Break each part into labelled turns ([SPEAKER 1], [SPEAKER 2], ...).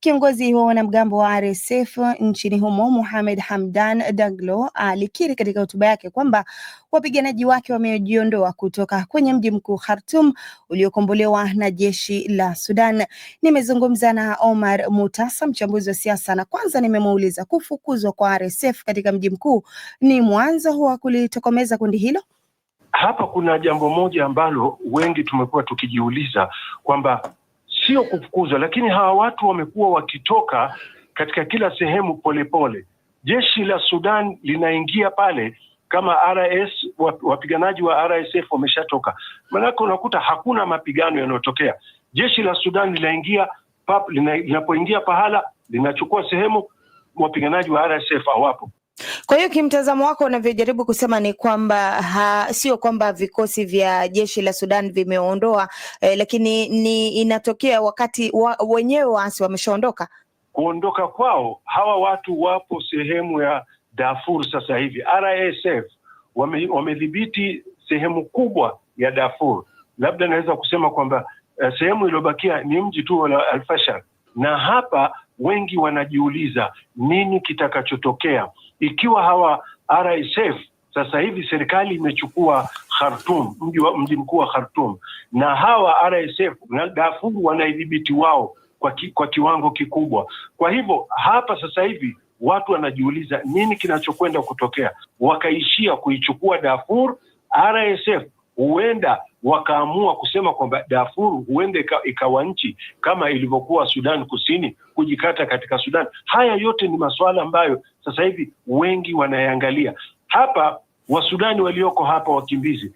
[SPEAKER 1] Kiongozi wa wanamgambo wa RSF nchini humo muhamed Hamdan Daglo alikiri katika hotuba yake kwamba wapiganaji wake wamejiondoa kutoka kwenye mji mkuu khartum uliokombolewa na jeshi la Sudan. Nimezungumza na Omar Mutasa, mchambuzi wa siasa, na kwanza nimemuuliza kufukuzwa kwa RSF katika mji mkuu ni mwanzo wa kulitokomeza kundi hilo?
[SPEAKER 2] Hapa kuna jambo moja ambalo wengi tumekuwa tukijiuliza kwamba sio kufukuzwa, lakini hawa watu wamekuwa wakitoka katika kila sehemu polepole pole. Jeshi la Sudan linaingia pale kama RS, wapiganaji wa RSF wameshatoka, maanake unakuta hakuna mapigano yanayotokea. Jeshi la Sudan linaingia linapoingia pahala linachukua sehemu, wapiganaji wa RSF hawapo.
[SPEAKER 1] Kwa hiyo kimtazamo wako unavyojaribu kusema ni kwamba ha, sio kwamba vikosi vya jeshi la Sudan vimeondoa eh, lakini ni inatokea wakati wa, wenyewe waasi wameshaondoka.
[SPEAKER 2] Kuondoka kwao hawa watu wapo sehemu ya Darfur sasa hivi. RSF wamedhibiti wame sehemu kubwa ya Darfur, labda naweza kusema kwamba uh, sehemu iliyobakia ni mji tu wa Alfashar, na hapa wengi wanajiuliza nini kitakachotokea ikiwa hawa RSF sasa hivi serikali imechukua Khartoum, mji mkuu wa Khartoum, na hawa RSF na Darfur wanaidhibiti wao kwa, ki, kwa kiwango kikubwa. Kwa hivyo hapa sasa hivi watu wanajiuliza nini kinachokwenda kutokea, wakaishia kuichukua Darfur. RSF huenda wakaamua kusema kwamba Darfur huende ikawa nchi kama ilivyokuwa Sudan Kusini, kujikata katika Sudan. Haya yote ni masuala ambayo sasa hivi wengi wanayaangalia hapa Wasudani walioko hapa wakimbizi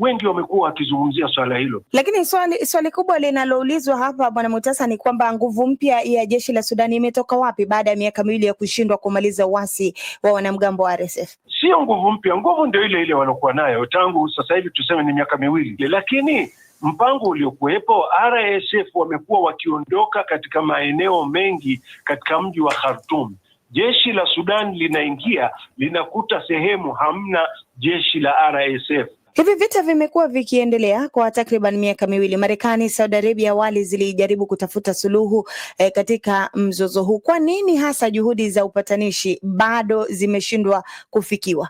[SPEAKER 2] wengi wamekuwa wakizungumzia swala hilo,
[SPEAKER 1] lakini swali swali kubwa linaloulizwa hapa Bwana Mutasa ni kwamba nguvu mpya ya jeshi la Sudani imetoka wapi baada ya miaka miwili ya kushindwa kumaliza uasi wa wanamgambo wa RSF?
[SPEAKER 2] Sio nguvu mpya, nguvu ndio ile ile waliokuwa nayo tangu sasa hivi tuseme ni miaka miwili, lakini mpango uliokuwepo RSF wamekuwa wakiondoka katika maeneo mengi katika mji wa Khartoum jeshi la Sudan linaingia linakuta sehemu hamna jeshi la RSF.
[SPEAKER 1] Hivi vita vimekuwa vikiendelea kwa takriban miaka miwili. Marekani, Saudi Arabia awali zilijaribu kutafuta suluhu eh, katika mzozo huu. Kwa nini hasa juhudi za upatanishi bado zimeshindwa kufikiwa?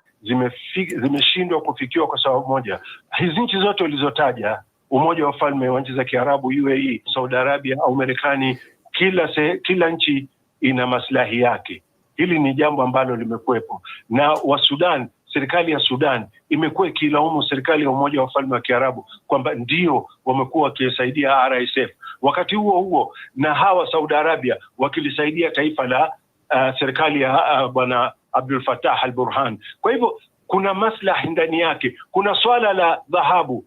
[SPEAKER 2] Zimeshindwa kufikiwa kwa sababu moja, hizi nchi zote ulizotaja, Umoja wa Falme wa Nchi za Kiarabu UAE, Saudi Arabia au Marekani, kila, kila nchi ina maslahi yake. Hili ni jambo ambalo limekuwepo na Wasudan. Serikali ya Sudan imekuwa ikilaumu serikali ya Umoja wa Falme wa Kiarabu kwamba ndio wamekuwa wakisaidia RSF, wakati huo huo na hawa Saudi Arabia wakilisaidia taifa la uh, serikali ya uh, bwana Abdul fatah al-Burhan. Kwa hivyo kuna maslahi ndani yake, kuna swala la dhahabu